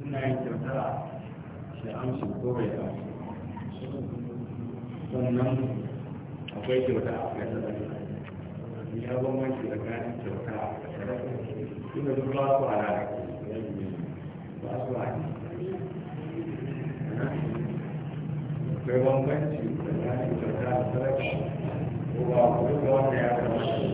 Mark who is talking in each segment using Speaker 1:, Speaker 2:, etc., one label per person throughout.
Speaker 1: suna yin kyauta shi an shi kore ta sannan akwai kyauta a kasar da ya bambanci da kayan kyauta a kasar da duk ba su a rana ba su akwai bambanci da kayan kyauta a ba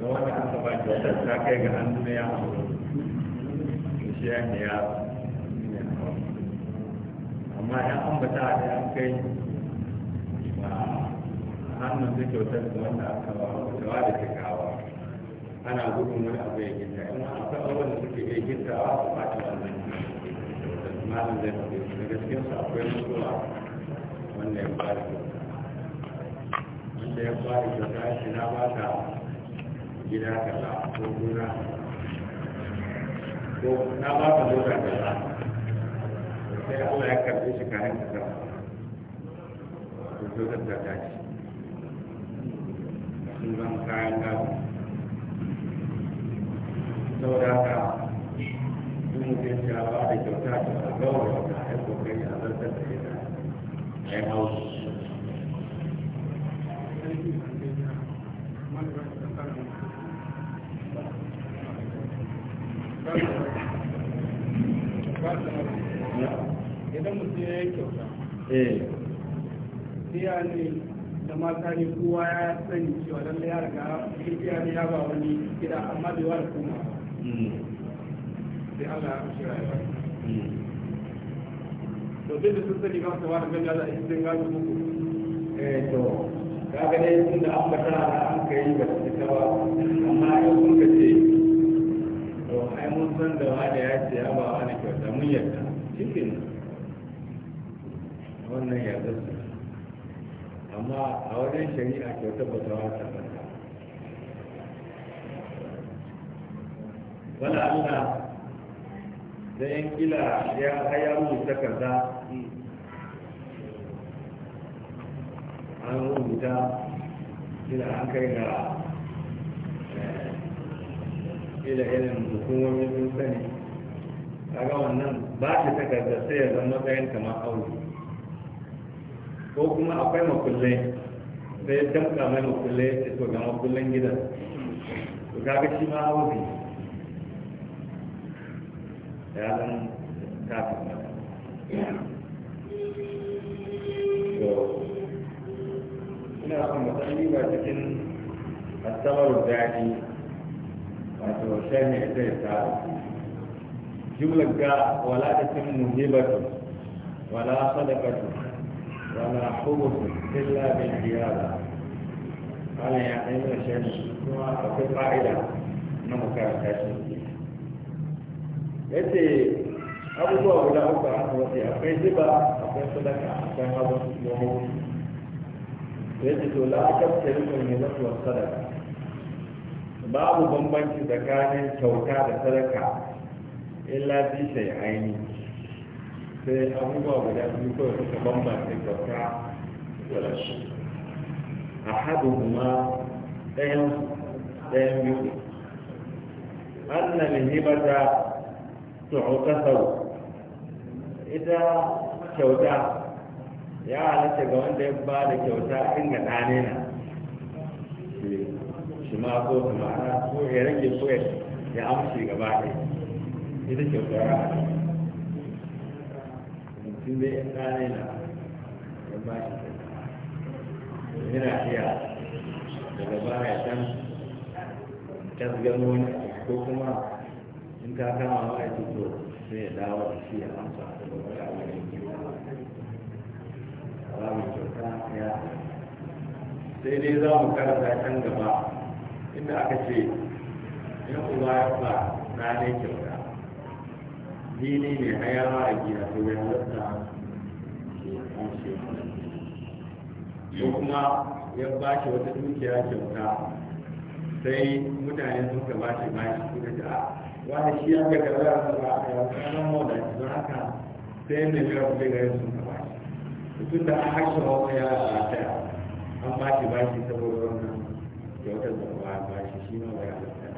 Speaker 1: ga wanda aka ba kyautar ta kai ga hannu na ya shi ya ne ya amma ya ambata da ya kai ba hannun da kyautar da wanda aka ba wa da cikawa ana gudun wani abu ya gita in an taɓa wanda suke iya gitawa su ba ta wannan malam zai faɗi daga cikinsu akwai mutuwa wanda ya fara wanda ya fara kyauta shi na ba ta gida kaza ko gona ko na ba ka mota kaza sai Allah ya karɓi shi kayan ka sama to zo da ta tashi sun zama kayan gado saboda haka sun mutum ya ba da kyauta ta gaurawa ta haifokari a zartar da ita a yi hausa Eh. ya biya ne da mata ne kowa ya sani cewa lalle ya riga biya ne ya ba wani gida amma bai wa kuma hmm. sai Allah ya shira ya hmm. to duk da sun sani ba su wani ganga za a yi sun gano muku eh to kaga dai tun da an bata an kai ba su ta ba amma ya kun ka ce to ai mun san da wa da ya ce ya ba wani kyauta mun yadda. shi kenan wannan ya amma a wajen shari'a kyauta ba ta wata ba
Speaker 2: wani allah
Speaker 1: da yan kila ya haya ta kaza an rubuta kila an kai ga eh, kila irin hukumomin sun sani kaga wannan ba ta takarda sai ya zama matsayin kamar aure ko kuma akwai makullai sai ya damka mai makullai da to ga makullan gidan to kaga shi ma hauzi ya zan kafin ina son ba cikin asabar daji wato shani wala ta cin wala sadaqatu ولا حبس إلا بالحيادة قال يا أيها الشيخ kuma akwai fa'ida na makaranta shi ya abubuwa guda uku a asibiti akwai ziba akwai sadaka akwai hazon nomo ya ce to la'akar tarifin ne zatuwar sadaka babu bambanci tsakanin kyauta da sadaka illa fi sai aini sai abubuwa guda biyu kawai suka bambanta kyauta da rashi a haɗu kuma ɗayan ɗayan biyu anna lihibata tu'uqasau ita kyauta ya halatta ga wanda ya ba da kyauta in ga ɗane na shi ma ko kuma ko ya rage ko ya amshi gaba ɗaya ita kyauta ya halatta sun zai yan kane na ya ba shi yana iya daga baya can tasgaro wani ko kuma in ka kama ba ya fito sai ya dawo da shi ya amsa da wani abu da ke ba mu kyauta ya sai dai za mu karanta can gaba inda aka ce yan uwa ya ba na ne kyauta fili ne hayawa a gida to ya halatta ko kuma ya ba shi wata dukiya kyauta sai mutane sun ka ba shi ba shi suka ce a wani shi ya ga kaza da ba a kaza kanan mawada shi don haka sai mai biyar kuma ga yin sun ka ba shi tun da an haƙƙi hawa ya lalata an ba shi ba shi saboda wannan kyautar da ba shi shi ma ba ya halatta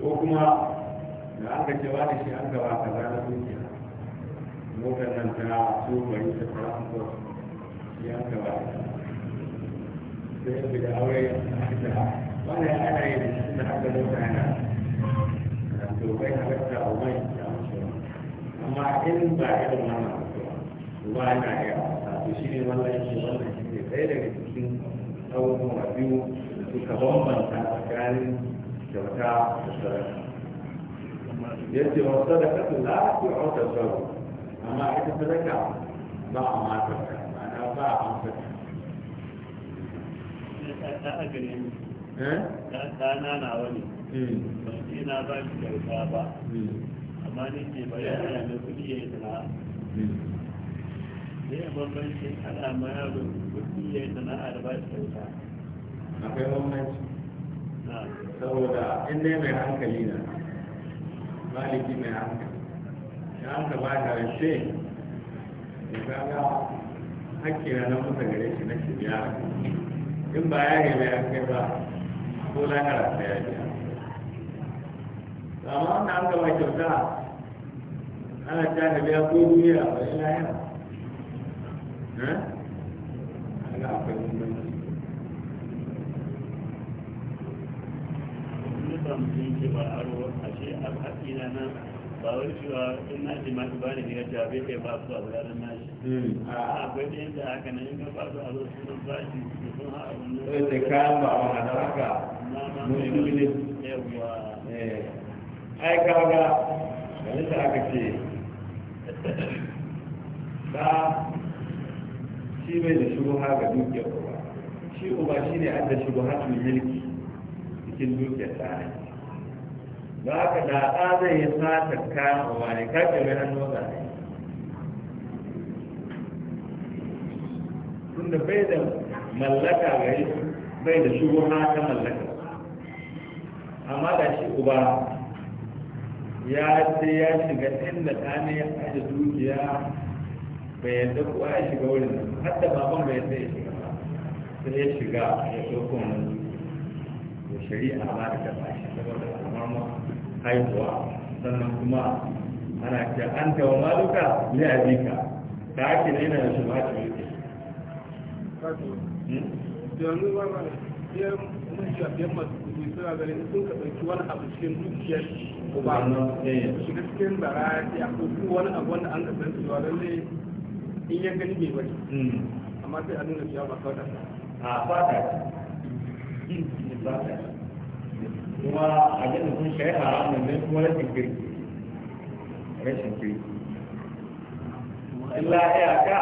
Speaker 1: ko kuma da aka ce wani shi an gaba ka zana dukiya motar nan ta su mai ta transport shi an gaba sai da aure da wani ana yin shi da haka mota yana to bai halatta a wani ya mutu amma in ba irin wannan ba na iya to shi ne wannan shi wannan shi ne ɗaya daga cikin abubuwa biyu suka bambanta tsakanin kyauta da sarrafa yace wa sadaqatu la amma ita sadaka ba a mata ma'ana ba a wani ba shi na ba shi kyauta ba amma ni ke ya yi sana'a bambanci ana ma yaro kuɗi ya yi sana'a da ba shi kyauta akwai bambanci saboda in mai hankali na maliki mai hankali ya hanka ba da rashe da gaga hakki na musa gare shi na shi biya in ba ya gaba ya kai ba ko lahara ta ya biya amma wanda an gaba kyauta ana ta da biya ko duniya ba ya lahara eh? ana akwai muhimmanci Thank you. na nan ba bani ne kai ba su abu yaran nashi hmm. a akwai da ka a zo su shi ne a wani haka ne ai aka ce shi bai da ga dukiyar uba shi uba shi an da shubuha tun cikin dukiyar ta da ka da a zai yi sata kama ba ne kake mai hannu ne tunda bai da mallaka gari bai da shugo ta mallaka amma da shi uba ya ce ya shiga inda ta ne ya aje dukiya bai yadda kuwa ya shiga wurin nan har baban bai yadda ya shiga ba sai ya shiga ya ɗauko wannan dukiya to shari'a ba ta ba shi saboda al'amar haihuwa sannan kuma ana ce an tawa maluka ne a bika ta ake ne na shi ba yi wani abu cikin dukiyar eh. cikin bara ya ko wani abu wanda an cewa lalle in ya gani hmm. amma sai a nuna cewa ba kawai a fata ne hmm. ba ta kuma a da sun shayi haramun nan kuma rashin kirki rashin kirki illa iyaka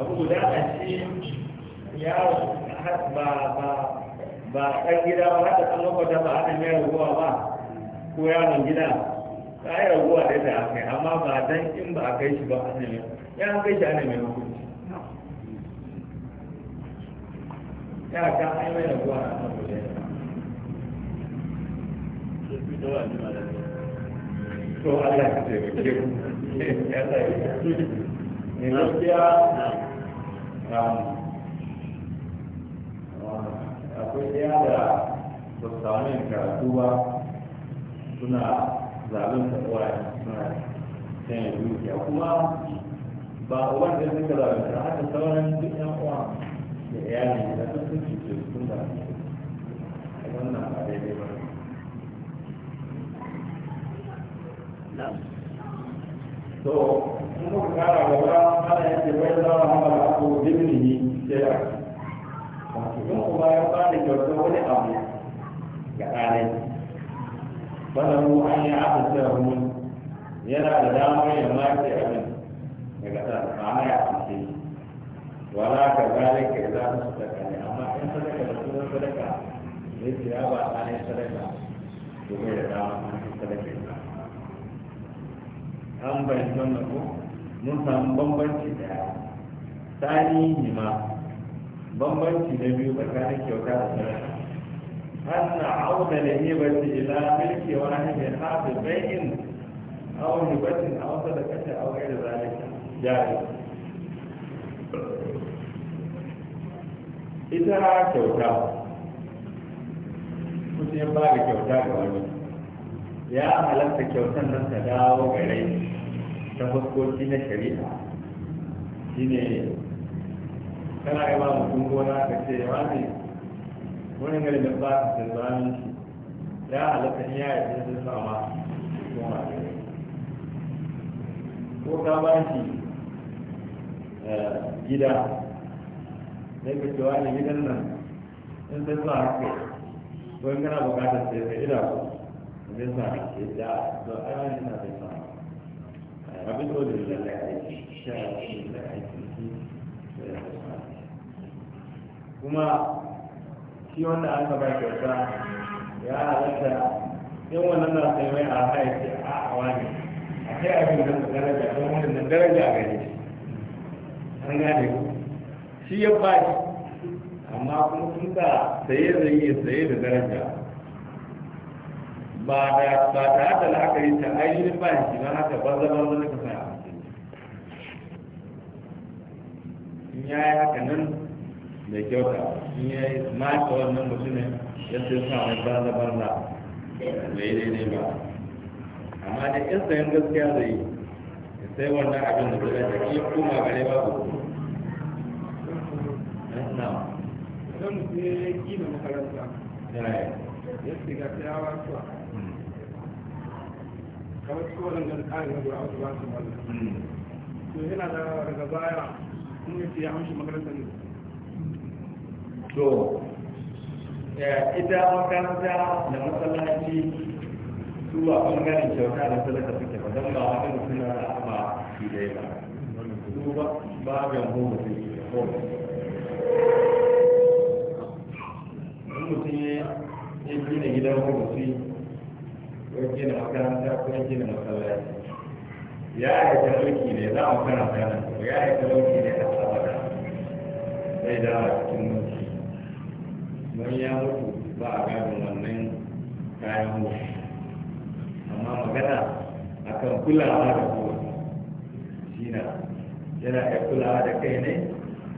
Speaker 1: abu guda a shi yawo ba ba ba ɗan gida ba haka ɗan lokuta ba haka mai raguwa ba ko yawon gida ta yi raguwa da yadda aka amma ba dan in ba a kai shi ba a nan ya an kai shi a nan mai hukunci ya ka an yi raguwa a nan to Allah ya ya ne um, suna zaɓen tafiya suna sanya dukiya kuma ba wanda ya suka zaɓen ta haka sauran duk ɗan uwa da iyali da sun cuce sun da wannan ba daidai ba to kuma kara gaba ana yake wai da kuma ya wani abu ga mu an yi aka yana da damar ya abin ma'ana ya wala ka ka su ne amma in sadaka da sunan sadaka ne ya ba sadaka domin dama sadaka an bayyana na ko mun samu bambanci da ni ma bambanci na biyu ba tsakanin kyauta da sarari hanna auna da ne bai ce ila milki wa ne mai hafi bayin auni bacin a wasa da kashe a wani da zalika jari ita kyauta mutum ya ba da kyauta ga wani ya halatta kyautar nan ta dawo gare ta fuskoki na shari'a shine kana yi ba mutum gona ka ce ya wani wani gari da ba ta san shi ya halatta in ya yi sun sama gona gare ko ka ba shi eh, gida na ka ce wani gidan nan in sun sa haka wani kana bukatar sai ka ila ku yasa ke da da ayyana na da sama abin da wajen da ya aiki sha shi da aiki da ya sama kuma shi wanda aka ba kyauta ya halatta in wannan na sai mai a haifi a awa ne a kai abin da daraja don wani da daraja a gare an gane shi ya ba amma kuma tun da saye zai iya saye da daraja ba da ba da hada la'akari ta ainihin ba shi don haka ban zama wani ka sa in ya yi haka nan da kyauta in ya yi mata wannan mutumin ya sai sa mai banza mai bai daidai ba amma da in sayan gaskiya zai yi sai wannan abin da kuka da iya kuma gare ba ku eh, na mutum ya yi makaranta ya shiga ta yawa kamar cikin waɗannan kayan na gura wasu ba su wani to yana da daga baya in ya ce ya amshi makarantar ne to ita makaranta da masallaci zuwa ɓangaren kyauta da sadaka suke ba don ba wani mutum na ba shi dai ba su ba ba ga mutum mutum ya gina gidan mutum ko gina makaranta ko gina masallaci ya aika talauki ne za mu karanta nan ya aika talauki ne a abada zai dawa cikin mulki mun ya mutu ba a gadon wannan kayan mu amma magana kan kulawa da kowa shi na yana iya kulawa da kai ne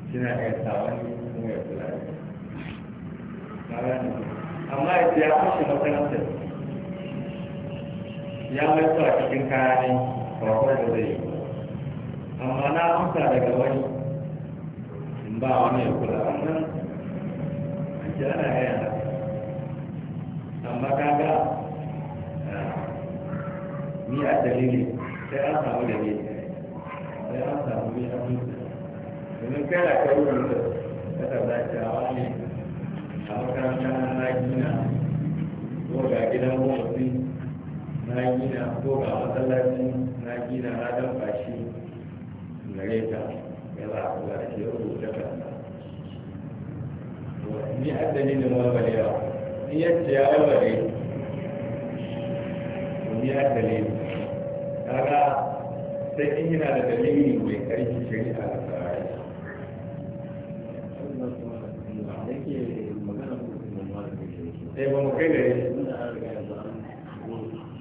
Speaker 1: suna iya sawan kuma ya kula da kai amma ya ce ya makaranta ya mutu a cikin kaya ne ba kawai da zai amma na amsa daga wani in ba wani ya kula wannan a ce ana yaya amma kaga eh, ni a dalili sai an samu da dalili sai an samu mai amince domin kai da kai wurin da ka tarda a wani a makarantar na gina ko ga gidan gwamnati na gina ko ga masallaci na gina na dan bashi gare ta ya za a kula da ke rubuta kanta ni a dalilin walwalewa ni yadda ya walwale ni a dalilin kaga sai in yana da dalili mai karfi shari'a da tsarari sai ba mu kai gare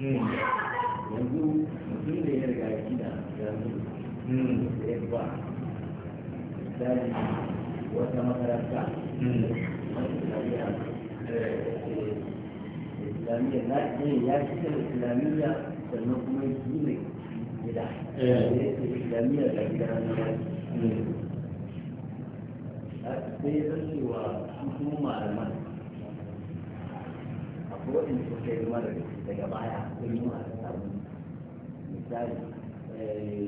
Speaker 1: yanzu mutum da ya riga shi da yanzu ya ba misali wata makaranta islamiyya na ɗaya ya da islamiyya sannan kuma shi ne gida islamiyya da gida na ya cewa su kuma malaman daga baya kun yi masu samu misali eh,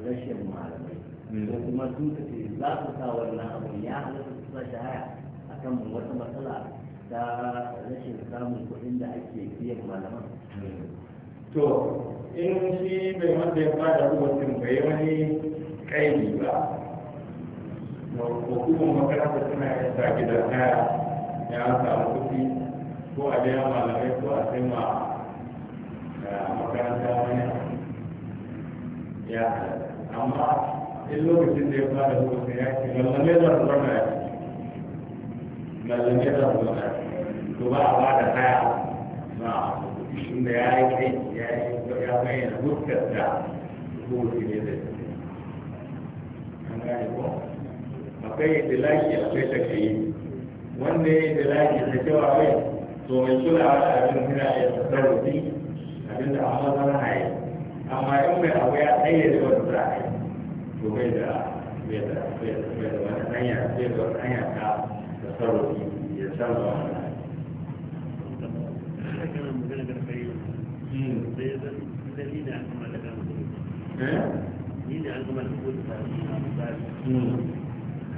Speaker 1: rashin malamai hmm. ko kuma za su sa wannan abu ya halatta su sa wata matsala ta rashin samun kuɗin da ake biyan malaman to in shi bai wanda ya bada rubutun bai wani kaini ba hukumar makaranta suna yin sa gidan haya ya samu kuɗi ko a biya malamai ko a sai ma eh, makaranta wani ya amma in lokacin da ya fara zuwa sai ya ce lallame za su zama ya lallame za su zama to ba a ba da haya na inda ya yi kai ya yi ya bayyana huskar da kowace ne zai an gane ko akwai da lafiya akwai takayi wanda ya yi da lafiya da cewa wai domin kulawa da abin suna iya tasarrufi abin da amma zan yi amma in mai abu ya tsaye da wata za a yi to bai da bai da bai da wani hanya bai da wani hanya ta tasarrufi ya sarrafa wannan hmm. eh? ni da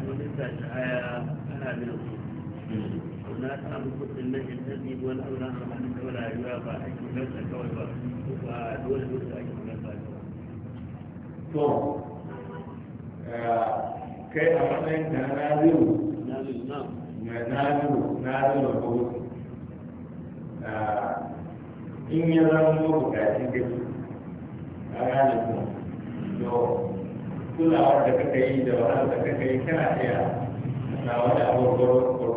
Speaker 1: wani sa ta haya ana bin لا تعبد الله الذي هو الاولى منك ولا يبقى اي مثل كويبا ودول دول اي مثل to kai a matsayin da na naziru na naziru naziru ko in ya zama mabukaci gaci a ranar kuma to kulawar da kaka yi da wahalar da kaka yi kana iya na wani abubuwar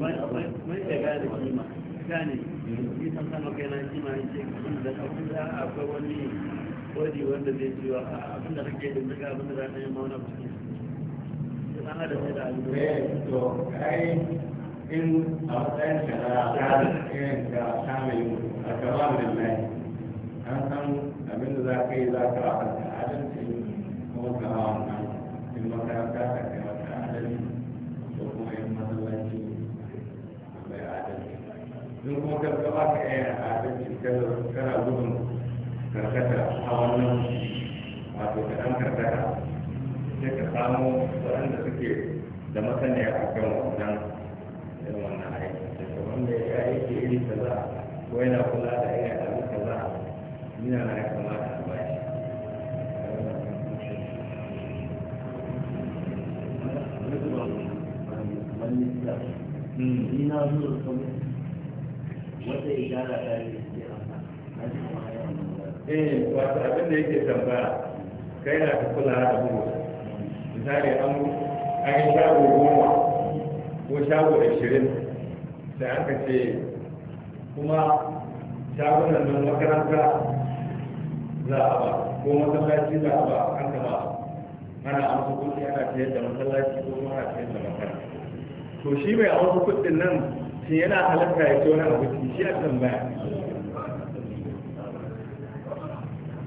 Speaker 1: mai da gane kima gane yi san sama kai na kima ya ce da abin da akwai wani wani wanda zai ciwa abin da kake da daga abin da za ta yi mauna kusa da da sai da abin da eh, to kai in a matsayin ka da irin ka samun a gaba da lai an san abin da za ka yi za ka a adalci kuma ka hawa in makaranta in kuma karka ba ka iya adalci kana gudun karkata a wannan wato ka ɗan karkata sai ka samu waɗanda suke da masaniya a kan wannan irin wannan aiki daga wanda ya aiki iri kaza ko yana kula da irin abu kaza yana na kamata a bashi Thank you. wata ishara ta yi eh wato abin da yake tambaya kai na ta kula da mu misali an an yi shago goma ko shago ashirin sai aka ce kuma shagunan nan makaranta za a ba ko masallaci za a ba an kama ana amsa kuɗi ana ciyar da masallaci ko kuma ana ciyar da makaranta to shi mai amsa kuɗin nan shi yana halatta ya tona a wuce shi a tambaya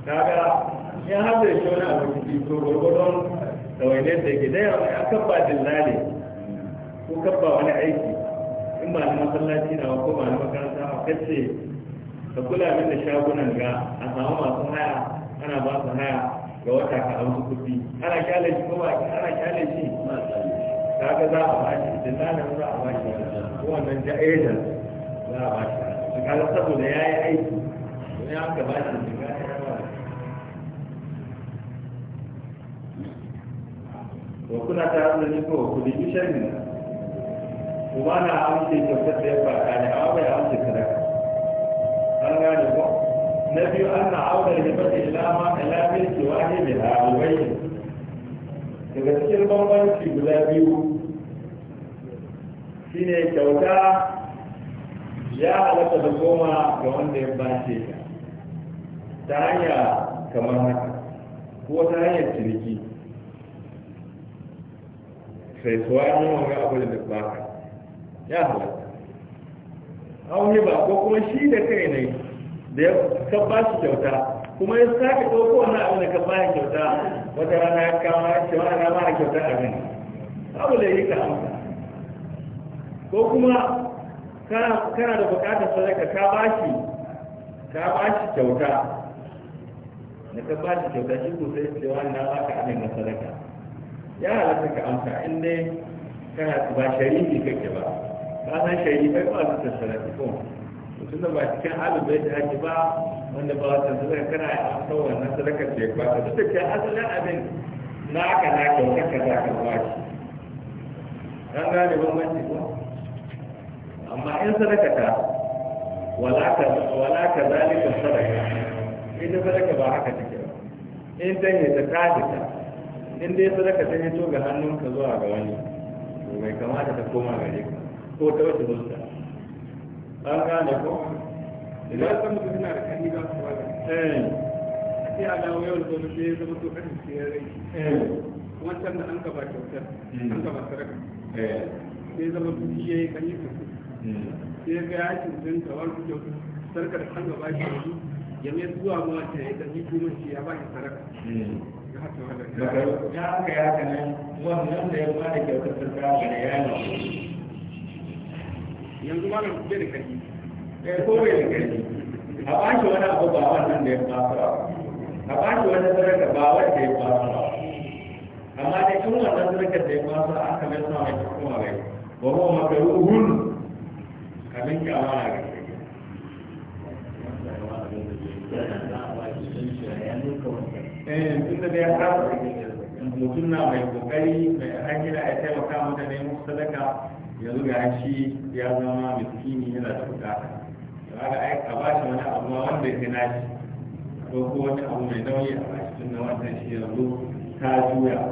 Speaker 1: kaga ya haɗa ya abu a shi to gwargwadon ɗawainiyar da ke daya a kabba dillali ko kabba wani aiki in ba na masallaci na ko ba na makaranta a kace ka kula min da shagunan ga a samu masu haya ana ba su haya ga wata ka amsu kuɗi ana kyale shi kuma ana kyale shi kaga za a bashi idan nan za a bashi wannan da aidan za a bashi shi kaga saboda ya yi aiki don ya ka bashi shi kaga ya bashi to kuna ta hanzu ne ko ku dubi sharri na kuma na amince kyautar da ya faɗa ne amma bai amince sadaka an gane ko na biyu an na aure da bata ilama ilamilki wahid da abubai daga cikin bambanci guda biyu shine kyauta ya halatta da goma ga wanda ya bace ka ta hanya kamar haka ko ta hanyar ciniki sai suwa yi wanga abu da ka ya halatta auni ba ko kuma shi da kai ne da ya ka shi kyauta kuma ya sake ɗauko wani abin da ka bayan kyauta wata rana ya kama ya ce wani rana mara kyauta abin abu da yi ka amsa ko kuma kana da bukatar sadaka ka bashi ka shi kyauta da ka bashi kyauta shi ko sai cewa na ka abin na sadaka ya halatta ka amsa in dai kana ba sharifi kake ba ba san kai ba su ta sadaka ko mutum da ba cikin halin bai ta ake ba wanda ba wata zuwa kana amsa wannan sadakar da ya kwata duk da ke asalin abin na aka na kyauta ka za ka bashi an gane bambanci ba. amma in sadaka ta wala ka zalika sadaka ita sadaka ba haka take ba in ta ne ta kafita in dai sadaka ta hito ga hannunka zuwa ga wani to bai kamata ta koma gare ka ko ta wata zuciya an gane ko idan san mutu suna da kani za su wada sai eh. a dawo yau da gobe sai ya zama to kan sai ya rai eh. wancan da an gaba kyautar an hmm. gaba sadaka eh. sai zama duk kan yi sosai sai ga ya cikin kawar kuke sarkar kan gaba shi yanzu ya mai zuwa ma ta ya ɗan hikimar shi ya ba shi sarka ya haka ya haka nan wannan da ya ba da kyautar sarka ga da yana yanzu ma da kuke da karfi eh ko bai da karfi a ba shi wani abu ba wannan da ya fasa a ba shi wani sarka ba wanda ya fasa amma dai in wannan sarkar da ya fasa aka mai sa mai kuma bai wa kuma makaruhun abin da awa ga eh tun da ya fara mutum na mai kokari mai hanyar ya taimaka mata ne musu sadaka yanzu ga shi ya zama miskini yana da bukata kaga ai a ba shi wani abu wanda ya gina shi ko ko wani abu mai nauyi a ba shi tun da wannan shi yanzu ta juya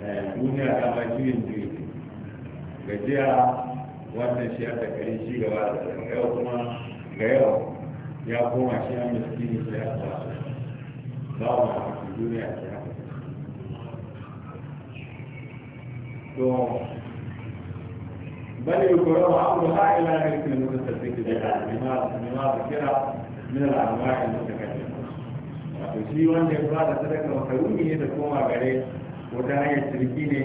Speaker 1: eh, duniya ta ba juyin juyi gajiya wannan shi aka kare shi gaba da yau kuma ga yau ya koma shi an miskini shi ya ba ba wa mafi duniya shi haka to bal yukuru amru ha ila ghayri al-mutasaddiq ne ma ma dhikra min al-anwa' ka ce wato shi wanda ya bada sadaka wata makaruni ne da koma gare wata hanyar cirki ne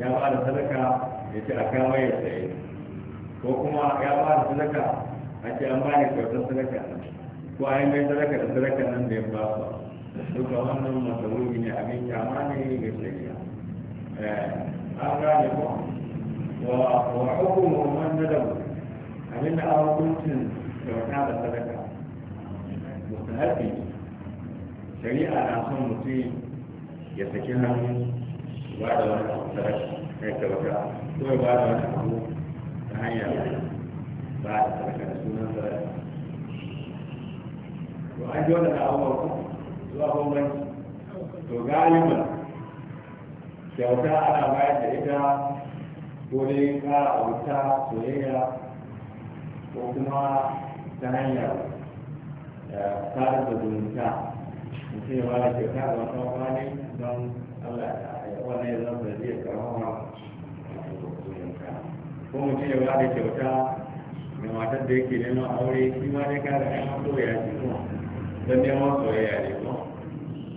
Speaker 1: ya bada sadaka ya ce a kawai ya tsaye ko kuma ya ba da sadaka a ce an bani kyautar sadaka nan ko yi mai sadaka da sadaka nan da ya ba ba duka wannan masarufi ne abin kyama ne ga shari'a eh, an gane ko wa hukumu man nadabu abin da an hukuncin kyauta da sadaka mustahabi shari'a na son mutum ya saki hannu ba da wani sadaka kai kyauta ko ya ba da wani abu hanya ba a tsarka da sunan ba to an ji wannan abubuwa zuwa bambanci to galiban kyauta ana bayar da ita ko dai ka auta soyayya ko kuma ta hanyar tsarin eh, da zumunta mutum ya ba da kyauta ga wata wani don allah ya wani ya zama da zai karama ko mutum ya ba da kyauta ga matar da yake neman aure shi ma dai kada ya ma ya ce ko don neman soyayya ne ko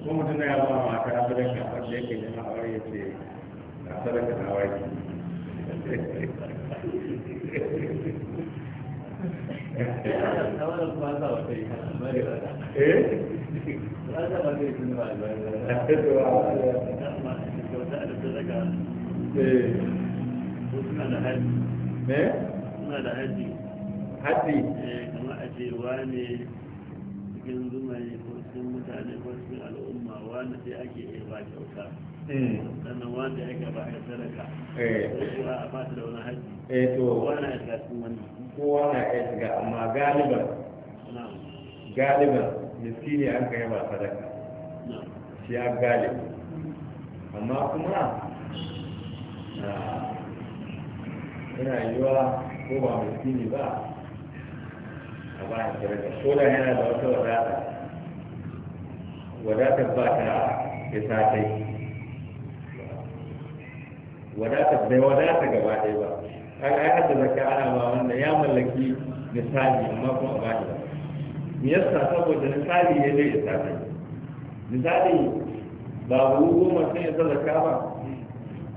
Speaker 1: ko mutum ya ba mata sadaka wanda yake neman aure ya ce ga sadaka na waki eh, eh? me? suna da haddi haddi? Eh, kama a ce wane cikin zumaye ko cikin mutane ko cikin al'umma wane sai ake yi ba kyauta eh. sannan wanda ya gaba ya sadaka eh. kowa a ba da wani haddi eh to kowa na wani. cikin wannan kowa na iya shiga amma galiban galiban miskini an kai ba sadaka shi ya galibi amma kuma ah, yana yiwa ko ba mai ne ba a ba a da ko da yana da wata wadata wadata ba ta ya sa kai wadata bai wadata gaba ɗaya ba an ai hada zaka ana ba wanda ya mallaki misali amma kuma a bani ba me yasa saboda misali ya ne ya sa kai misali ba ruwa goma sai ya zaka ba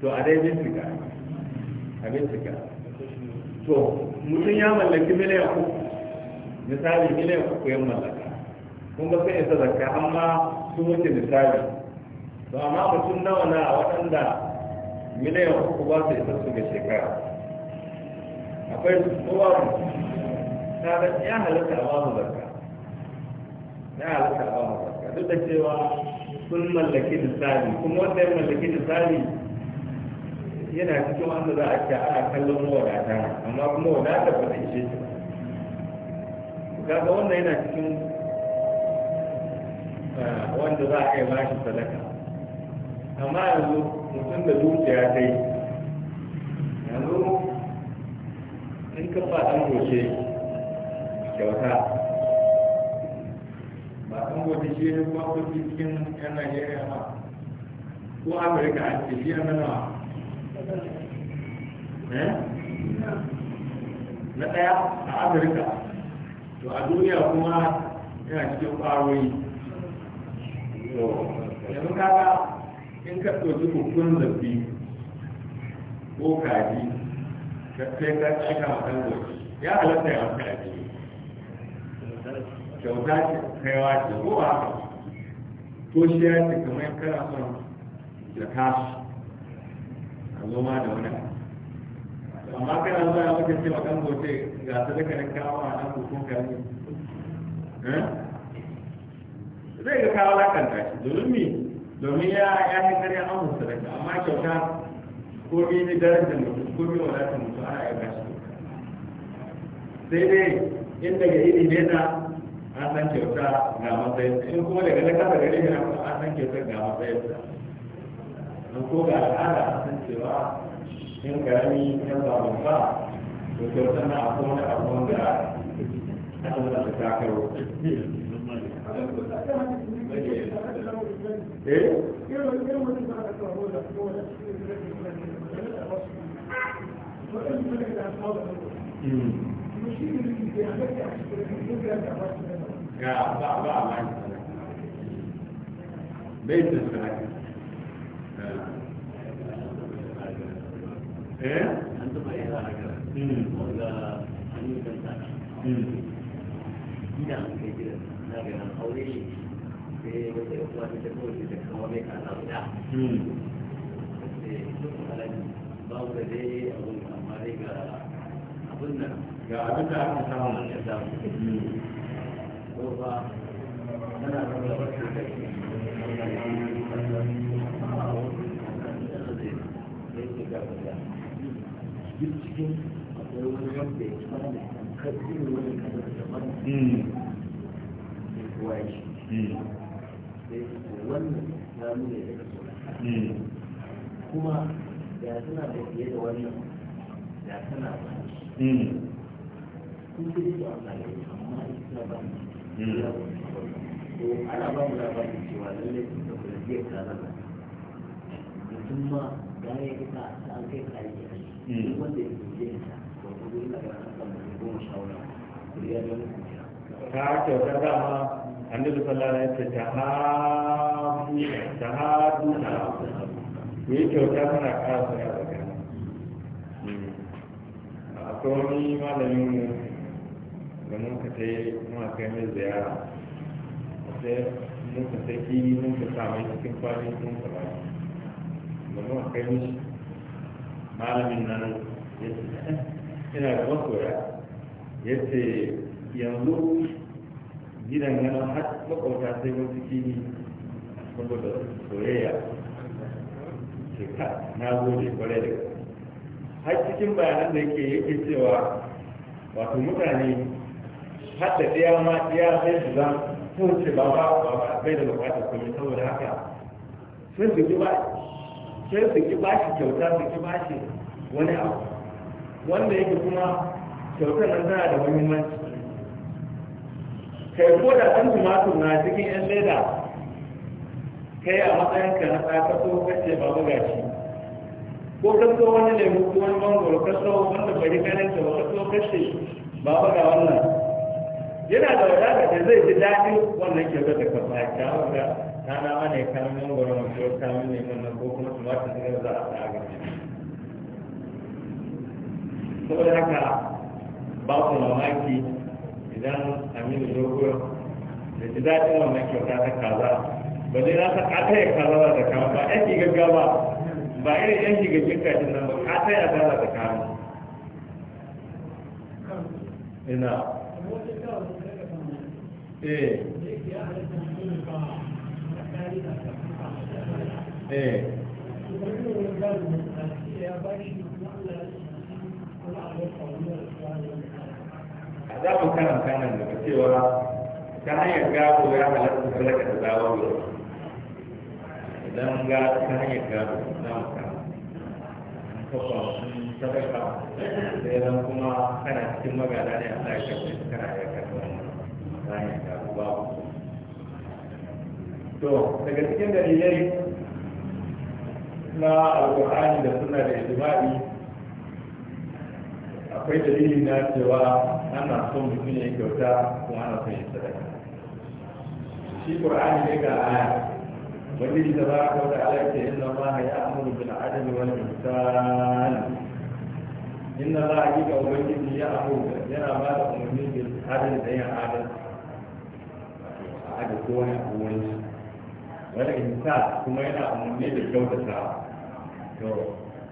Speaker 1: to a dai bincika a bincika to mutum ya mallaki miliyan uku misali miliyan uku ya mallaka kun ba sai isa zakka amma su wuce misali to amma mutum nawa na waɗanda miliyan uku ba su isa su ga shekara akwai kowa ta ga ya halitta a babu zarka ya halitta a babu zarka duk da cewa sun mallaki misali kuma wanda ya mallaki misali yana cikin wanda za a ce ana kallon mawadata amma kuma wadata ba ta ishe shi kaga wanda yana cikin eh, wanda za a kai shi sadaka amma yanzu mutum da dukiya ta yi yanzu in ka ba ɗan goce kyauta ba ɗan goce shi ne kuma kuma cikin yan nigeria ba ko amurka a ce shi yana nawa Eh? na ɗaya a afirka to a duniya kuma yana cikin ƙwaroyi yanzu kaga in ka ɗauki hukun zafi ko kaji ka sai ka cika a kan ya halatta ya halatta kaji kyauta ce kaiwa ce ko ba haka to shi ya ce kamar kana son da tashi ka da wani amma kana zuwa ya maka cewa kan gote ga sadaka na kawo a nan hukun karni eh? zai ga kawo lakanta shi domin mi domin ya ya yi karya amun sadaka amma kyauta ko bi ni darajar mutum ko bi wadatar mutum ana ya shi sai dai in daga iri ne na an san kyauta ga matsayinsa in kuma daga na kasa gare shi an san kyauta ga matsayinsa in ko ga al'ada san cewa in gani yan zaɓin ba to kyautar na wani abu wanda a kan da ta karo eh? hmm.
Speaker 2: ga ba ba a
Speaker 1: ba ba eh an zuba yara a ga ina kai gidan na aure shi sai wata ya kuwa ta ga abun nan ga abin da aka samu ya samu ko ba tana zama da wasu da ke da yake cikin ya da da wannan kuma da suna da fiye da wannan da tana ba shi kun fi da amma ita ba ana ba mu labarin cewa lallai da kuma zai kaza da mutum ma ta kyauta dama annabi sallallahu alaihi wasallam ta hamu ta hadu na yi kyauta tana ƙara suna tsakani hmm. a kowani malamin mu da mun ka sai muna kai mai ziyara sai mun ka sai kini mun ka sa cikin kwanin domin a kai mishi malamin nan ya ce eh, ina da masoya ya ce yanzu gidan ganin har makwauta sai wani ciki saboda soyayya ce ka na gode kwarai da har cikin bayanan da yake yake cewa wato mutane har da ɗaya ma ɗaya sai su zan sun ce ba ba ba bai da bukatar komai saboda haka sun su ji ba sai su ki shi kyauta su ki shi wani abu wanda yake kuma kyautar nan tana da muhimmanci kai ko da ɗan tumatur na cikin yan leda kai a matsayin ka na tsaka ko kace ba buga gashi ko ka so wani lemu ko wani mangoro ka so wanda bari ganin ka ba ka so kace ba buga wannan yana da wadata da zai ji daɗi wannan kyautar da ka fahimta wanda ta na ma ne nan ko kuma ne za a haka ba mamaki idan aminu da ji daɗin wannan kyauta ta kaza ba zai na ta ya kaza ba ta kama ba yan shiga gaba ba irin yan shiga jinka nan ba eh. ya ta kama ina eh eh za mu karanta nan daga cewa ta hanyar gado ya halatta talaka da zawon yau idan ga ta hanyar gado za mu karanta sadaka da ya zama kuma kana cikin magana ne a sa ya karfi kana ya karfi ta hanyar gado ba. to daga cikin dalilai na alkur'ani da suna da ijimai akwai dalili na cewa ana son mutum ya kyauta kuma ana son ya sadaka shi qur'ani ne ga aya wani da ba a kauta ala ke na ma ya amuru bil adli za a yi ga hakika ubangiji ya amuru yana ba da umarni bil adli da yin adalci a da kowane abuwan wani insa kuma yana umarni da kyautata to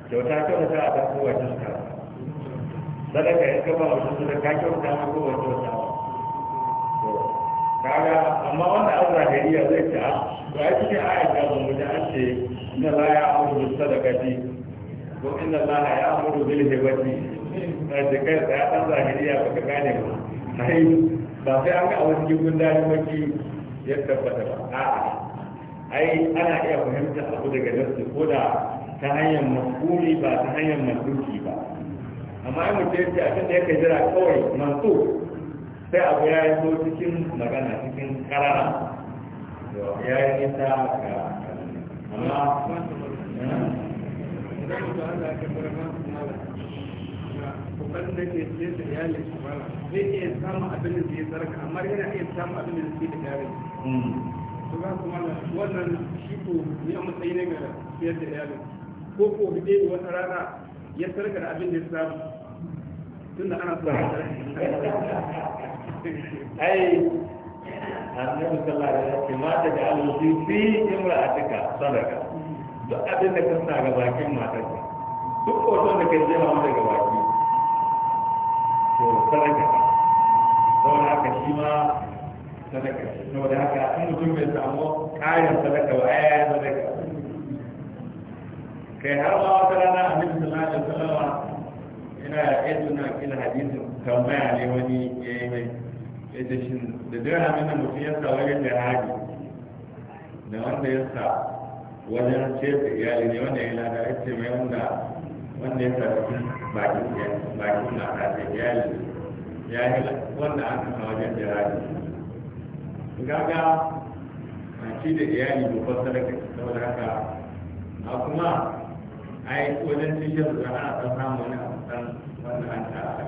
Speaker 1: kyauta kyautata a kan kowace suka sadaka ya gaba wasu sadaka kyauta a kowace wata to kaga amma wanda wannan abu zahiriya zai ce a to a cikin ayat da mu da an ce inna la ya'muru bis sadaqati ko inna ya ya'muru bil hibati da kai da ya dan ya baka gane ba sai ba sai an ga a wani gundari maki ya tabbata ba a'a ai ana iya fahimtar abu daga nafsi ko da ta hanyar mafhumi ba ta hanyar mantuki ba amma ai mutum a abin da yake jira kawai mantu sai abu ya yi zo cikin magana cikin karara ya yi nisa ga amma kokarin da ke ce da iyalin shi zai iya samun abin da zai sarka amma yana iya samun abin da zai da yare wannan shi ne a matsayi na gara siyar da iyalin ko ko wata rana ya sarka da abin da ya samu tun da ana tsara ai annabi sallallahu alaihi ma da ja'alu fi imra'atika sadaka duk abin da ka sa ga bakin duk hoton da ka sadaka saboda haka in mutum bai samu kayan sadaka ba ya sadaka kai har ma wata rana a nan sallallahu alaihi wasallam ina yadda na kila hadisin tambaya ne wani yayi mai yace shin da dirhamin da mutum ya sa wajen jihadi da wanda ya sa wajen cefa iyali ne wanda ya lada ya ce mai wanda wanda ya sa cikin bakin na ta iyali ya yi wanda an kasa wajen jihadi gaga a shi da iyali da kwasa da saboda haka a kuma a yi wajen cikin da ana san samu wani a san wannan an ta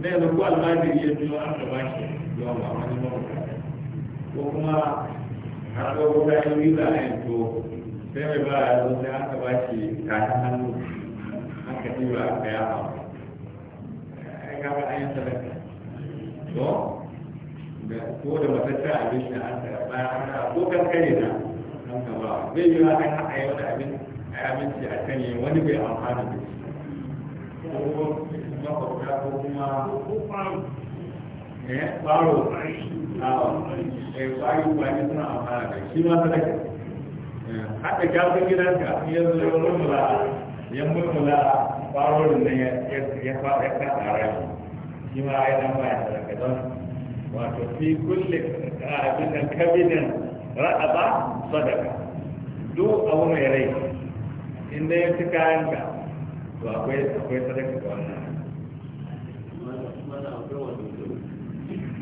Speaker 1: da yanzu ko almajiri ya biyo an ka ba shi yawan ba wani mabuka ko kuma har ko ko yi wiza a yanzu sai mai ba a yanzu sai an ka ba shi kayan hannu an ka ɗiba an ka yawa yi kaga an yi sadaka da ko da matacce abin da an ta bayan an ta ko kankare na an ta ba zai yi wani haka yi wani abin a abinci a kan yi wani bai amfani da shi ko makwabta ko kuma
Speaker 2: ƙwaro a
Speaker 1: ƙwari ƙwari suna amfana da shi ma sadaka haɗa kyasun gidanka ya zo ya mulmula ya mulmula ƙwarorin nan ya faɗa ya kaɗa rai shi ma ya ɗan bayan sadaka don wato fi kulle abin kabinan ra'aba sadaka duk abu mai rai inda ya fi kayan ka to akwai akwai sadaka ga wannan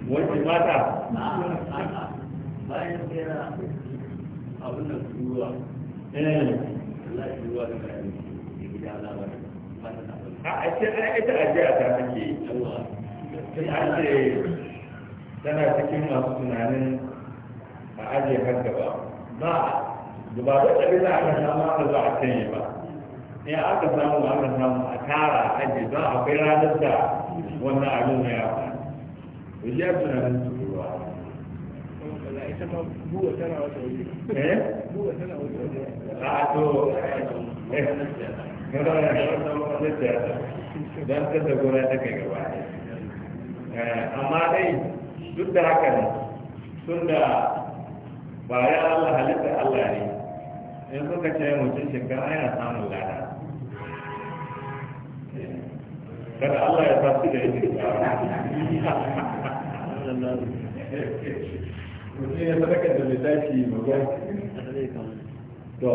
Speaker 1: wani mata eh. bayan kera abin da ruwa eh Allah ruwa da kayan gida labarin a ce ai ita ajiya ta take yi tana cikin masu tunanin a ajiye har gaba ba ba da ɗari za a samu aka za a canye ba in aka samu aka samu a tara ajiye za a kai ranar da wannan abin na ya faru to shi a tunanin su ruwa ita ma buwa tana wata waje eh buwa tana wata waje a to eh kada ya zama don kada gona ta kai gaba amma dai duk da haka ne tun da ba ya Allah halitta Allah ne in suka ce mutum shekara yana samun lada kada Allah ya tafi da yake mutum ya sadaka da littafi magana to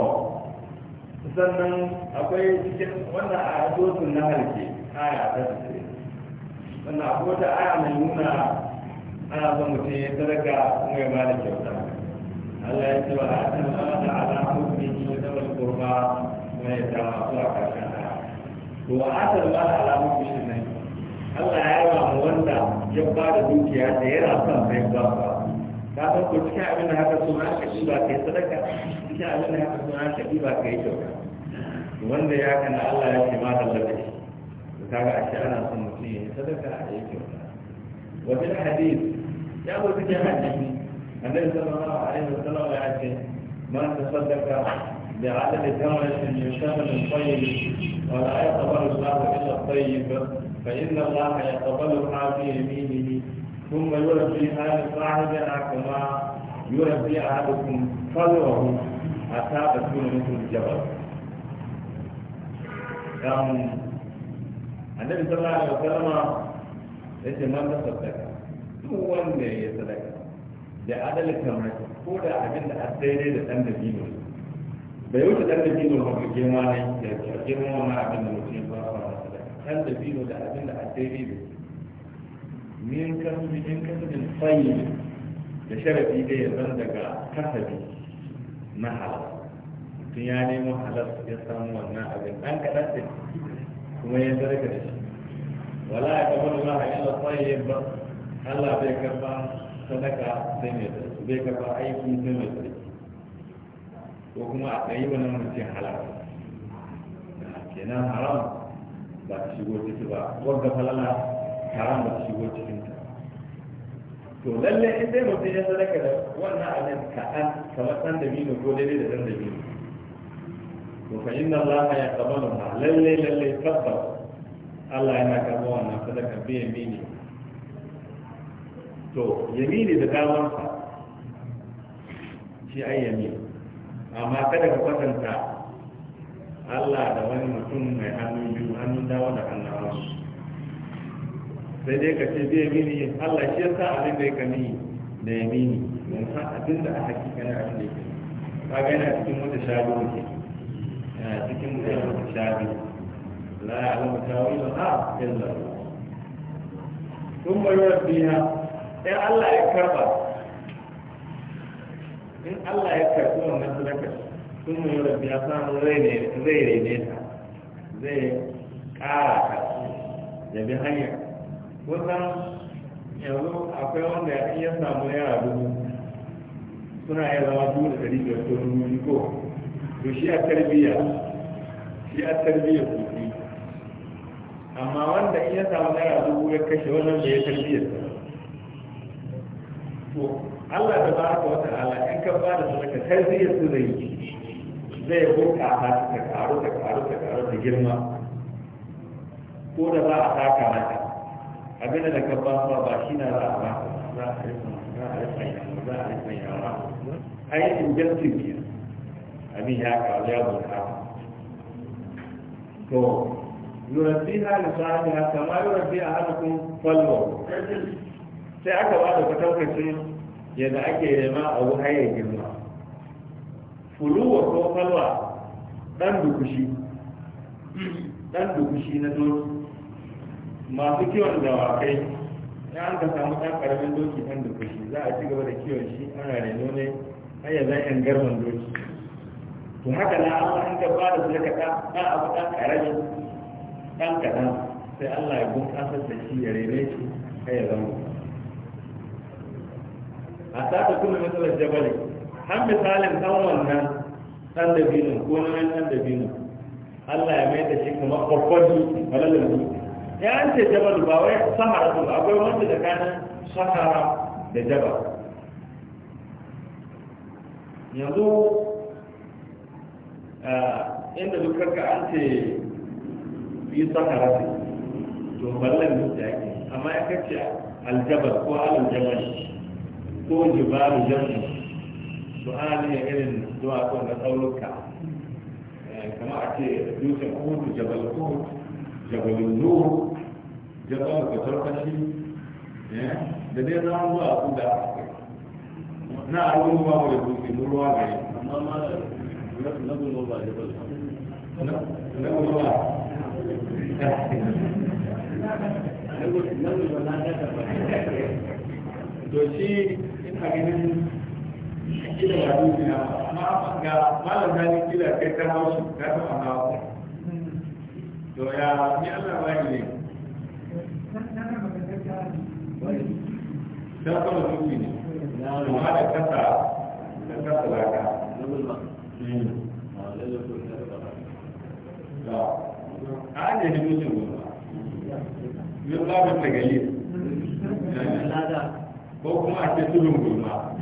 Speaker 1: sannan akwai cikin wannan a yi na halke aya ta wannan akwai wata aya mai nuna ana son mutum ya sadaka kuma ya ba da kyauta Allah ya ce wa atin da ala mu'mini da wani qurba wa ya ta masu a karshen ta to wa atin da ala mu'mini ne Allah ya yi wa wanda ya ba da dukiya da yana son sai ba ba ka san ko cikin abin da haka suna ka yi ba yi sadaka cikin abin da haka suna ka yi ba yi kyauta wanda ya kana Allah ya ce ma Da shi kaga a ana son mutum ya yi sadaka a yi kyauta Wajen الحديث يا أبو جهنم النبي صلى الله عليه وسلم يعجل من تصدق بعدد ثمرة يشمل الطيب ولا يقبل الله إلا الطيب فإن الله ما في يمينه ثم يربي يربيها صاحب كما يربي أحدكم فضله حتى تكون مثل الجبل. النبي صلى الله عليه وسلم يتمنى صدقه duk wanda ya sadaka da adalta mai ko da abin da an daidai da dan da bino da yau da ɗan da bino ba ka girma ne ya ce ke ma abin da mutum ba ba na sadaka dan da bino da abin da an daidai da min kasu min su din fayi da sharafi dai ya zan daga kasabi na halal mutum ya nemo halal ya samu wannan abin ɗan kaɗan da kuma ya zarga da shi wala ya kamar ma a yi tsaye ba Allah bai karba sadaka sai mai tsarki bai karba aiki sai mai tsarki ko kuma a tsayi wani mutum halal kenan haram ba ta shigo ciki ba wanda falala haram ba ta shigo cikin ta to lalle in dai mutum ya sadaka da wannan abin kaɗan kamar ɗan dabino ko daidai da ɗan dabino to fa inna Allah ya ba lalle lalle tabbas Allah yana karɓa wannan sadaka biyan bi ne to yamini da gawansa shi ai yamini amma kada ka kwatanta Allah da wani mutum mai hannun biyu hannun dawo da hannun sai dai ka ce zai mini Allah shi yasa abin da ya ni da ya mini don san abin da a hakika na abin da ya ka ga yana cikin wata shabi ne yana cikin wata shabi la ya alamu tawilu ha illa ثم biya in Allah ya karba in Allah ya karbi wannan sadaka sun mu yi rabbi ya samu zai rene ta zai ƙara ta ya bi hanya kusan yanzu akwai wanda ya samu yara dubu suna iya zama dubu da ɗari biyar ko dubu ko to shi a tarbiyya shi a tarbiyya kuɗi amma wanda iya samu naira dubu ya kashe wannan da ya tarbiyyar to Allah da ba ka wata ala in ka ba da sadaka sai zai su zai zai buka ta ta karu ta karu ta karu da girma ko da za a taka mata abin da ka ba ba shi na za a ba za a yi za a yi za a yi yawa ai injectin ke abin ya karu ya buka to yurabbiha li sahibiha kama yurabbi ahadukum falwa sai aka ba da kwatankwacin yadda ake nema a wu ya girma fuluwa ko falwa ɗan dukushi ɗan dukushi na doki masu kiwon dawakai ya an ka samu ɗan ƙaramin doki ɗan dukushi za a ci gaba da kiwon shi ana reno ne har ya zai yan garman doki to haka na Allah an ka ba da su daga ɗan abu ɗan ƙaramin ɗan kaɗan sai Allah ya bunƙasar da shi ya rene shi har ya zama hatta ta kuma matsalar jabali har misalin ɗan wannan ɗan dabinin ko na ɗan dabinin Allah ya mai da shi kuma kwakwan dutse malalin dutse ya an ce jabal ba wai sahara ba akwai wanda da kanin sahara da jabal yanzu inda dukkan ka an ce yi sahara to ballan ya ke amma ya kace aljabal ko alaljabal ko jibaru jam'u su'ala ne irin duwatsun na tsaunuka eh, kama a ce dutsen kudu jabal kudu jabalin nuhu jabal ka tarkashi eh, da dai zama zuwa kuda na abubuwa mu da dutse mu ruwa gari amma ma na gulma ba jabal na gulma na gulma na gulma na gulma ina ganin kila ya dubi na ga malam zani kila kai ta haushi ta wa to ya ni Allah ba ni ne ta dubi ne da kasa da kasa ba. Yau ba ta gali. ko kuma a ce tudun gulma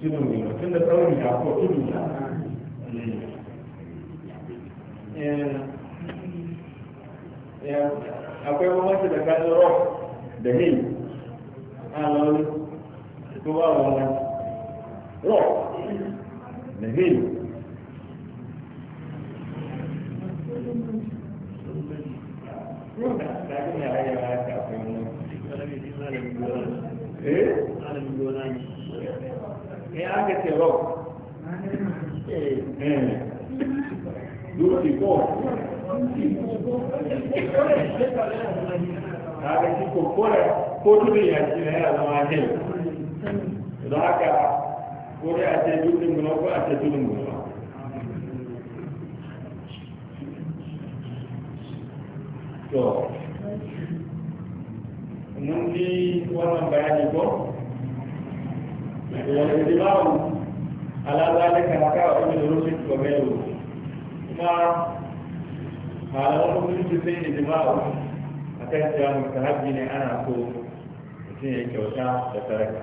Speaker 1: tudun gulma tun da tsaurin ya ko tudun ya eh, eh, akwai mamanci da kanin rock da hill a lauri ko ba mamanci rock da hill
Speaker 2: Ruka, ta kuma
Speaker 1: eh eh aka ce rau eh eh duki ko
Speaker 2: kaga
Speaker 1: shi ko kore ko tudu ya ci na ya zama hin don haka ko dai a ce tudun ko a ce tudun to mun ji wannan bayani ko wani ijma'u ala zalika haka wa ibn rushd wa ghayru kuma malaman musulunci sun yi ijma'u akan cewa mustahabi ne ana so mutum ya kyauta da sadaka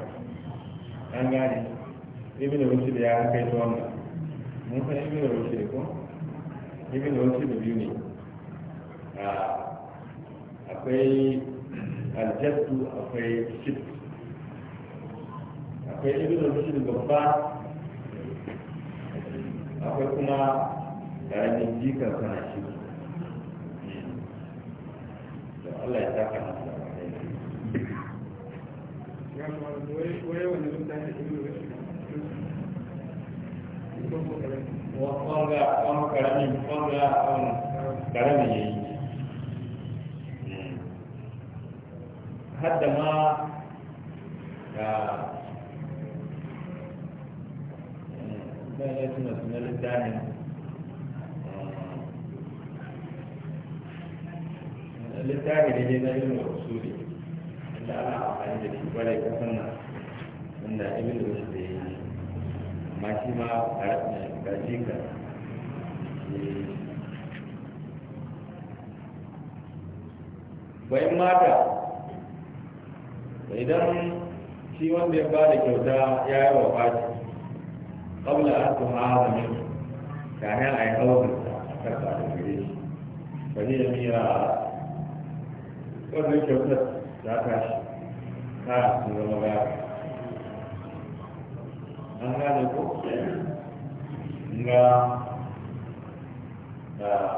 Speaker 1: an gane ibn rushd ya kai ta wannan mun san ibn rushd ko ibn rushd biyu ne ah, akwai aljaddu akwai shid akwai ibn rushd babba akwai kuma karamin jikar kana shi da Allah ya saka na da wani yayi hadda ma zan eh, iya tuna sunan littafin eh, littafi da dai na ilimin usuli inda ana amfani da shi kwarai kasan nan inda da rushd da yi amma shi ma a rashin gashi ka bayan eh, mata idan shi wanda ya ba da kyauta ya yi wa fati kabla an su haza min kayan a yi hausarsa a karfa da gare shi ba zai yami ya Wanda kyautar za ta shi ta sun zama gara an gane ko ga ah,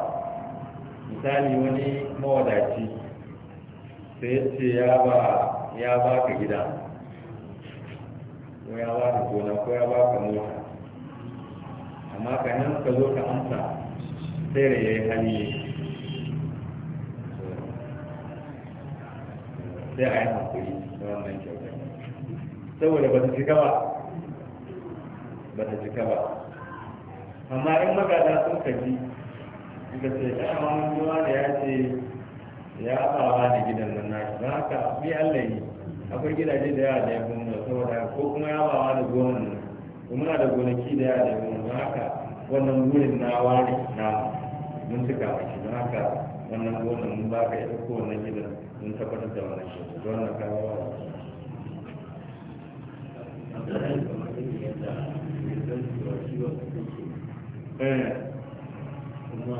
Speaker 1: misali wani mawadaci sai ce ya ba ya baka gida ko ya baka gona ko ya baka mota amma ka nan ka zo ka amsa sai da ya yi hali sai a yi hankali na wannan kyauta saboda ba ta cika ba ba ta cika ba amma in magada sun kaji suka ce ɗan amma wani ya ce ya abawa da gidan nan na shi don haka bi allah yi akwai gidaje da yawa da ya da saboda ko kuma ya abawa da gonan nan kuma da gonaki da yawa da ya kuma don haka wannan gurin na wari na mun suka a shi don haka wannan gonan mun ba ka ita ko wannan gidan mun tabbatar da wannan shi don na kawo wa eh. kuma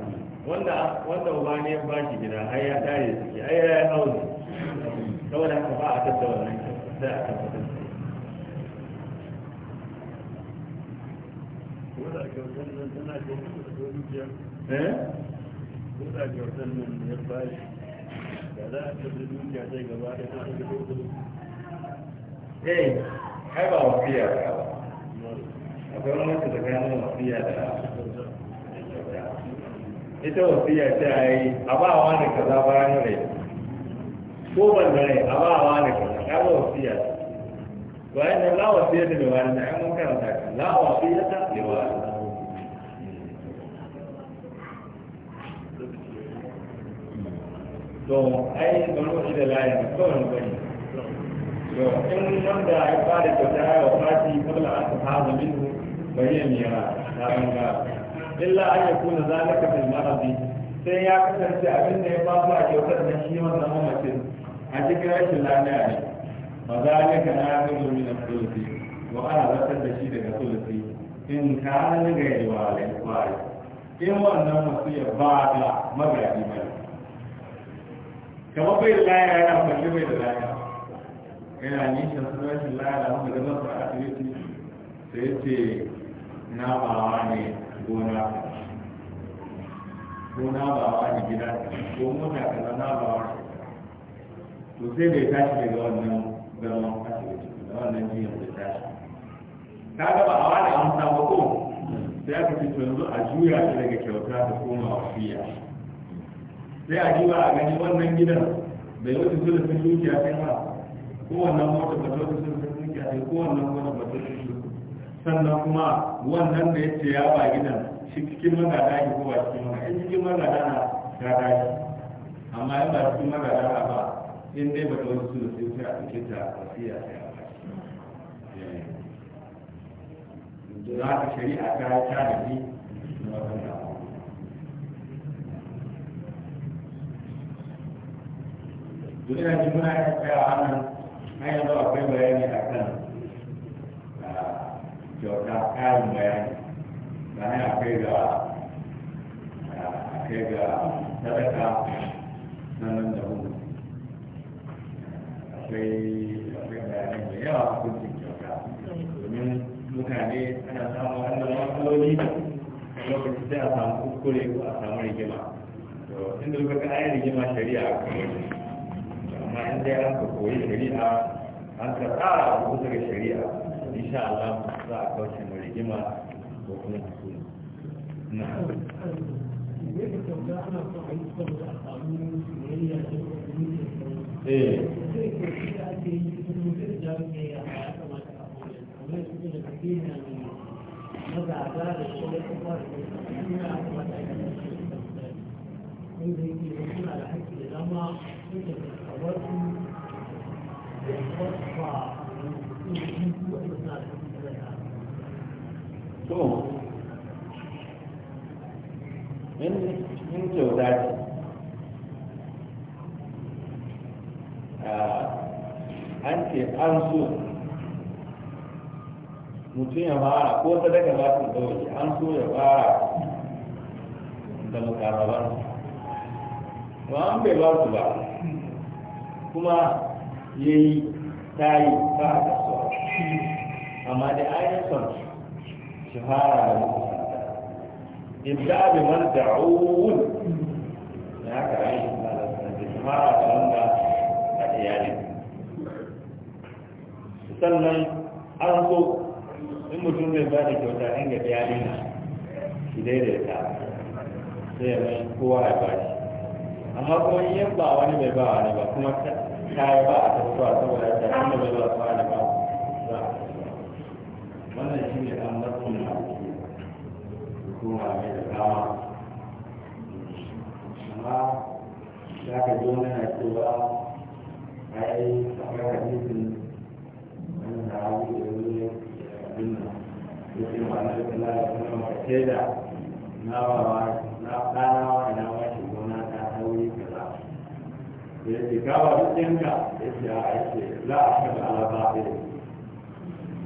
Speaker 1: wanda wanda uba ne ba shi gida ai ya tare shi ai ya yi hauri saboda ba a tattauna wannan sai a tabbatar Eh, kai ba wafiya eh, Akwai wani tsakanin wafiya da ita wasiya ce a yi a ba wa da kaza bayan rai ko ban da rai a ba wa ne kaza ya ba wasiya ce ba yana la wasiya ta lewa da ya mun karanta ka la wasiya ta lewa ne to ai ban wani da layin kawai bane to in wanda ya fara kyauta ya wa fati kabla an ta hazo minhu bayyana ya ta bangara illa an ya kuna zalika fil maradi sai ya kasance abin da ya ba su a kyautar na shi wannan mamacin a cikin rashin lafiya ne fa zalika na fi min al-thuluthi wa ana zartar da shi daga thuluthi in kana ne ga yawa da kwari in wannan musiya ba da magadi ba kamar bai laya yana kwalli bai da laya yana nishin su rashin laya da wanda da su a asibiti sai ce na bawa ne gona gona ba wa ne gida ko mota ka zama ba wa to sai bai tashi daga wannan zaman asibiti da wannan jiyan bai tashi ta gaba a wani amsa ba ko sai aka ce yanzu a juya shi daga kyauta da koma fiya sai a diba a gani wannan gidan bai wuce sulhun dukiya sai ba ko wannan mota ba ta wuce sulhun dukiya sai ko wannan mota ba ta wuce sannan kuma wannan da ya ce ya ba gidan shi cikin magada ne ko ba cikin magada in cikin magada na ya dace amma in ba cikin magada na ba in dai ba dole su da sai sai a ɗauke ta wasiya sai a ba shi za eh. ka shari'a ta ta da ni na wannan Duk ina ji muna iya tsayawa nan, an yanzu akwai bayani a kan kyauta kayan bayani bayan a kai ga a kai ga sadaka sannan da hudu akwai akwai bayanai da yawa hukuncin kyauta domin mutane ana samun wannan matsaloli lokaci sai a samu kuskure ko a rigima to inda kuka ga ayin rigima shari'a a kawai amma in dai an ka koyi shari'a an ka tsara shari'a insha Allah za a kauce mu rigima ko kuma hukuma na eh
Speaker 2: Thank you. to
Speaker 1: in in kyauta ce an ce an so mutum ya fara ko sadaka ba su ɗauki an so ya fara da mukaraban ba an bai ba su ba kuma ya yi ta yi amma da ayin son shi fara da ibda bi man da'un ya haka ayin shi fara da wanda a iyali sannan an so in mutum zai ba da kyauta in ga iyali na shi daidaita sai ya mai kowa ya ba shi amma kuma in ba wani bai ba wani ba kuma ta yi ba a tafiya saboda ta inda bai ba wani ba wannan shi ne an zarfin da ake hukuma mai da dama amma za ka zo mana cewa ai akwai hadisin wannan da abu da wani abin ya ce ma na da lalata mace da na na gona ta hauri kaza da ya ce gawa duk yanka ya ce a ya ce a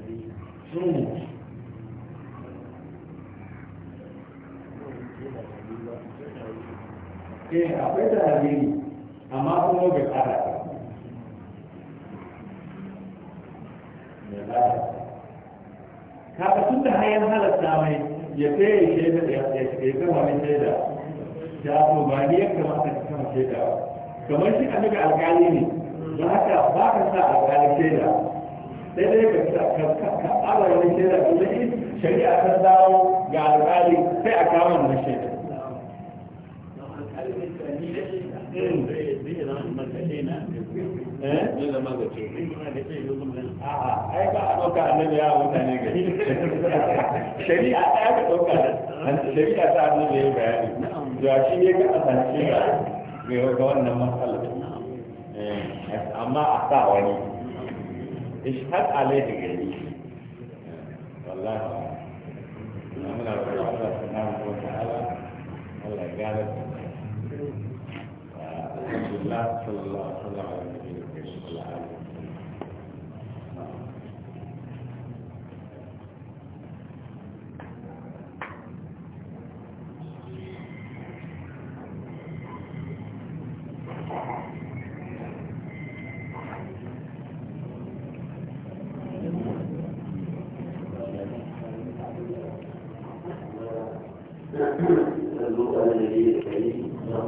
Speaker 1: ke
Speaker 2: eh akwai tarihi
Speaker 1: amma kuma bai tsara kaga tun da hayan halatta mai ya tsaye shaida da ya shiga ya kama min shaida da abu ba ne ya kamata ka kama da. kamar shi annabi alƙali ne ba ka sa alƙali daidai ka ƙara wani shaida ko da shari'a ta dawo ga alƙali sai a kama na shaida eh? shari'a ta ya ga wannan matsalar eh, amma a sa wani ishhad alaihi gari wallahi na muna roƙon Allah subhanahu wa ta'ala Allah ya gane alhamdulillah sallallahu alaihi wa sallam